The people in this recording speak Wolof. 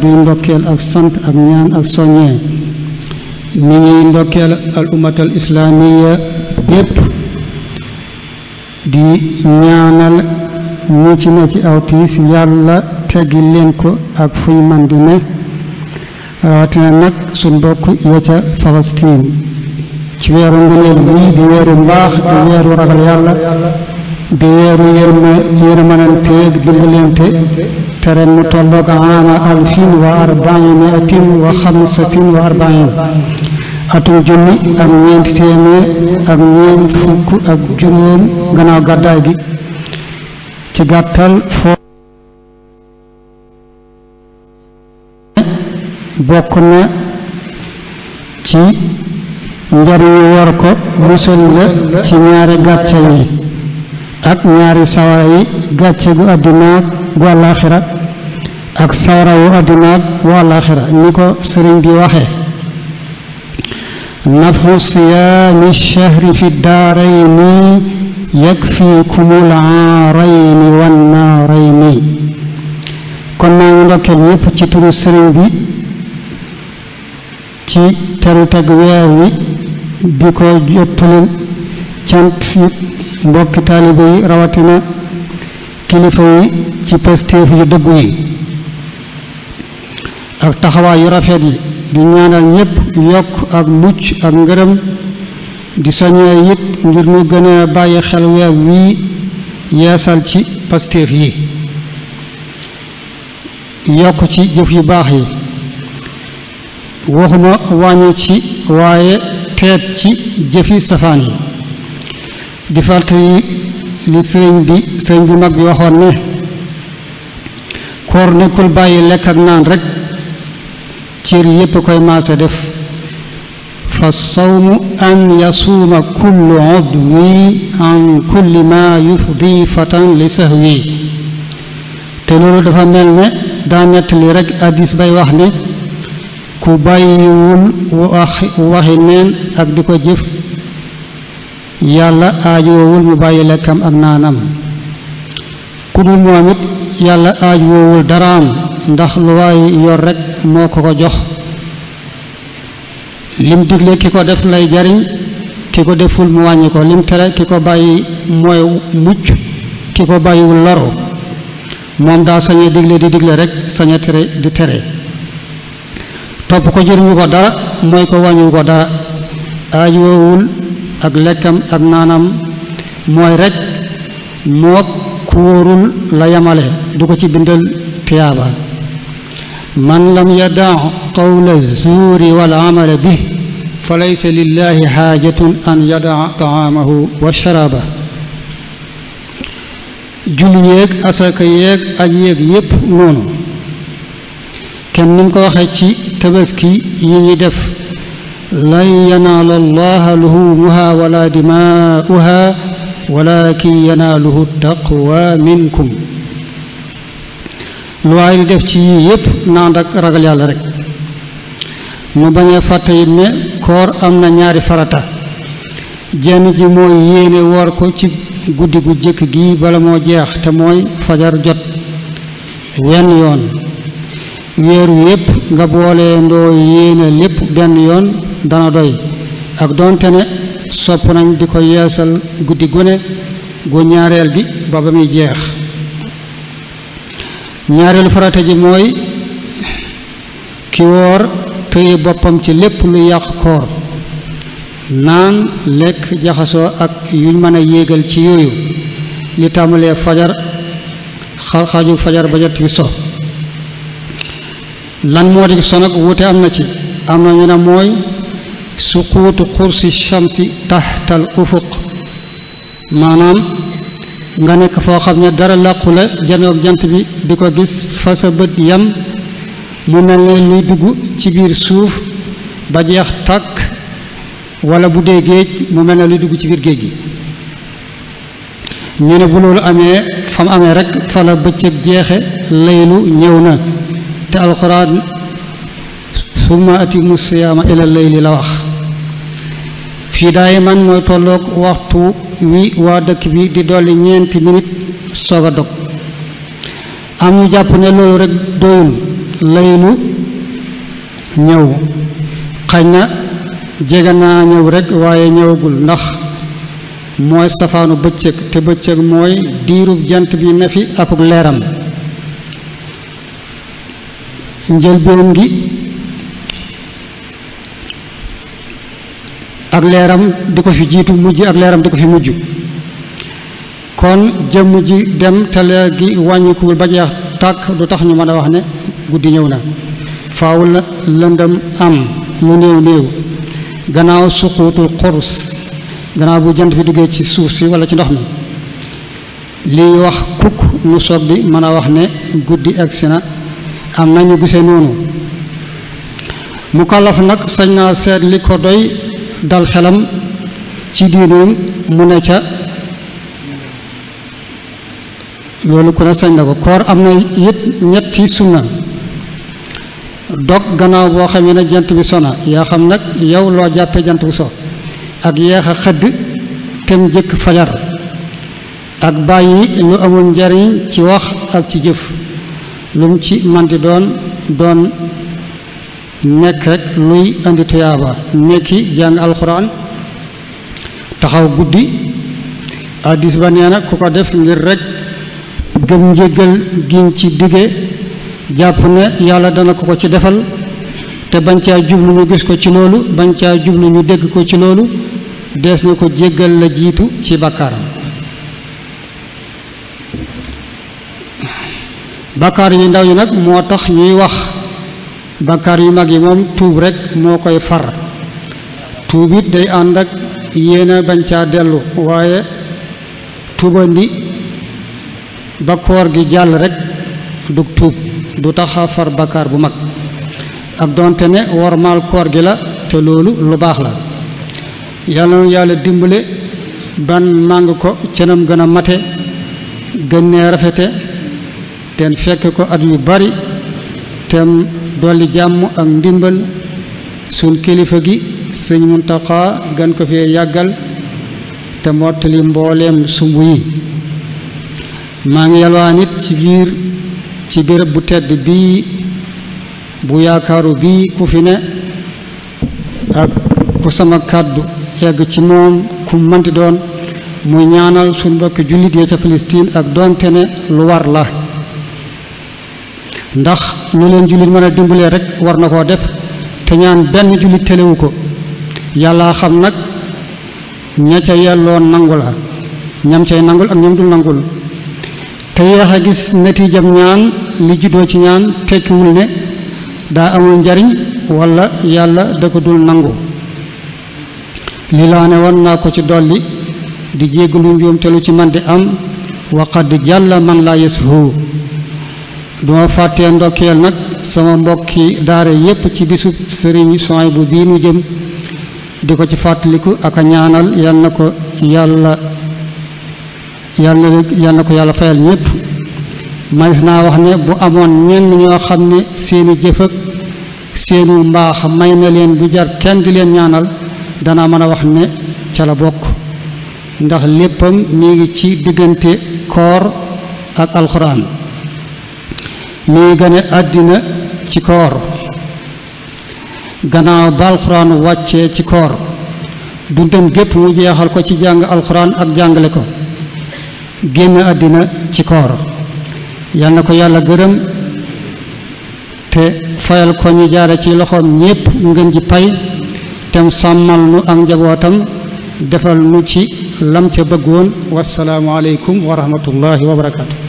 di ndokel ak sant ak ñaan ak soññee ni ñi ndokel al al islamiyya yépp di ñaanal ñi ci ne ci aw yalla yàlla teggi leen ko ak fu ñu man di ne rawatina nag suñ mbokk ya ca Palestine ci weeru ngëneel bii di weeru mbaax di weeru ragal yàlla di weeru yërma yërmananteeg dimbalante ترى المتلق عام 1445 atum junni ak ñeent téeméer ak ñeent fukk ak juróom gannaaw gàddaay gi ci gàttal foo bokk na ci njariñu war ko musal la ci ñaari gàcce yi ak ñaari sawara yi gàcce gu àddina gu àllaaxira ak sawara wu àddinaak wu àllaaxira ni ko sëriñ bi waxee nafu siyaami shahri fi daarayni yakfikumul aarayni wan naarayni kon maa ngi ndokkeel ñépp ci turu sëriñ bi ci teru teg weer wi di ko jottalil cant mbokki taalibe yi rawatina kilifa yi ci pastéef yu dëggu yi ak taxawaay yu rafet yi di ñaanal ñépp yokk ak mucc ak ngërëm di soññee it ngir ñu gën bàyyi xel weer wii yeesal ci pastéef yi yokk ci jëf yu baax yi waxuma wàññi ci waaye teet ci jëfi safaan yi di fàttali li sëriñ bi sëriñ bi mag bi ne koor nekkul bàyyi lekk ak naan rekk cër yépp koy maase def fa sawmu an yasuuma kullu udwi an te loolu dafa mel ne wax ne ak di ko jëf yàlla aajoowul mu bàyyi lekkam naanam ku dul moom ndax lu waay yor rek moo ko ko jox lim digle ki ko def lay jariñ ki ko deful mu wàññi ko lim tere ki ko bàyyi mooy mucc ki ko bàyyiwul loru moom daal sañe digle di digle rek sañe tere di tere topp ko jëriñu ko dara mooy ko wàññiwu ko dara aajoowul ak lekkam ak naanam mooy rek mook ku wóorul la yamale du ko ci bindal tiyaaba من لم يدع قول الزور والعمل به فليس لله حاجة أن يدع طعامه وشرابه جليك أساكيك أجيك يب نون كم من خيشي تبسكي ييدف لن ينال الله لهومها ولا دماؤها ولكن يناله التقوى منكم lu waay di def ci yii yépp na ànd ak ragal yàlla rek nu bañee fàtte yi ne koor am na ñaari farata jenn ji mooy yéene woor ko ci guddi gu jëkk gi bala moo jeex te mooy fajar jot wenn yoon weer yépp nga boole ndoo yéene lépp benn yoon dana doy ak doonte ne sopp nañ di ko yeesal guddi gune gu ñaareel gi ba ba muy jeex ñaareelu farata ji mooy ki woor téye boppam ci lépp lu yàq koor naan lekk jaxasoo ak yuñ mën a yéegal ci yooyu li tàmbalee fajar xarxaaju fajar ba jot so lan moo di so nag wuute am na ci am na ñu ne mooy suquutu si shamsi taxtal ufuq maanaam nga nek fo xamne ne dara làqu jano ak jant bi diko gis fa sa bët yam mu mel ne ni dug ci bir suuf ba jeex tak wala bu de géej mu mel ne luy dugg ci bir géej gi ñene bu lolu amé fam amé rek fa la ak jeexe laylu ñewna na te alxuraan summa atimu siyaama ila layli la wax fii man mooy tolloog waxtu wi waa dëkk bi di dolli ñeenti minit soog a dog am ñu jàpp ne loolu rek doyul laylu ñëw xañ na jege naa ñëw rekk waaye ñëwagul ndax mooy safaanu bëccëg te bëccëg mooy diirub jant bi ne fi akuk leeram njëlbéen gi ak leeram di ko fi jiitu mujj ak leeram di ko fi mujj kon jëmm ji dem te gi wàññikuwul ba tàkk du tax ñu mën a wax ne guddi ñëw na faaw la lëndëm am lu néew néew gannaaw suquutul xurus gannaaw bu jant bi duggee ci suuf si wala ci ndox mi liy wax kukk ñu soog di mën a wax ne guddi egsi na am na ñu gisee noonu mu kàllaf nag sañ naa seet li ko doy dalxelam ci diineem mu ne ca loolu ku ne sañ na ko koor am na it ñetti sunna dog gannaaw boo xam ne jant bi sona yaa xam nag yow loo jàppee jant bu so ak yeexa a xëdd tem jëkk fajar ak bàyyi lu amul njariñ ci wax ak ci jëf lu mu ci man di doon doon nekk rek luy indi tuyaaba nekki jàng alxuraan taxaw guddi addis ba nee na ku ko def ngir rekk gëm njëgal giñ ci dige jàpp ne yàlla dana ko ko ci defal te bañ caa jublu ñu gis ko ci loolu bañ jublu ñu dégg ko ci loolu dees na ko jéggal la jiitu ci bàkkaaram bàkkaar yu ndaw yi nag moo tax ñuy wax bakkaar yu mag yi moom tuub rekk moo koy far tuub it day ànd ak yéena bañ caa dellu waaye tuubandi ba koor gi jàll rekk du tuub du tax far bakkaar bu mag ak doonte ne wormaal koor gi la te loolu lu baax la yàlla na yàlla dimbale ban màng ko cenam gën a mate gën nee rafete ten fekk ko at yu bari tem dolli jàmm ak ndimbal sun kilifa gi sëñ Muntaxa gan ko fee yàggal te mottali mbooleem sumb yi maa ngi yalwaan it ci biir ci béréb bu tedd bii bu yaakaaru bii ku fi ne ak ku sama kàddu yegg ci moom ku manti doon muy ñaanal suñ mbokki jullit ya ca Palestine ak doonte ne lu war la ndax lu leen jullit mën a dimbalee rek war na koo def te ñaan benn jullit téléwu ko yàlla xam nag ña ca yelloon nangu la ñam cay nangul ak ñam dul nangul te yéex a gis jam ñaan li juddoo ci ñaan tekkiwul ne daa amul njariñ walla yàlla da nangu li laa ne woon naa ko ci dolli di jéggalu njuum te lu ci man di am waqad jàlla man laa yashu duma fàttee ndokkeel nak sama mbokki daara yépp ci bisu sëriñ soy bu bii jëm diko ci fàttaliku ak ñaanal yalla na yalla yalla rek na ko yalla fayal mais wax ne bu amon ñen ñoo xam ne seeni jëf ak seenu mbax may na leen bu jar kenn di leen ñaanal dana mëna wax ne ci la bok ndax leppam mi ngi ci digënté koor ak alcorane mi ngi àddina ci koor gannaaw ba alxuraan wàccee ci koor dundam gépp mu jeexal ko ci jàng alxuraan ak jàngale ko génn àddina ci koor yal na ko yàlla gërëm te fayal ko ñu jaare ci loxoom ñépp mu ngeen ji pay tem sàmmal nu ak njabootam defal nu ci lam ca bëggoon wasalaamu aleykum wa rahmatullahi wa barakaatu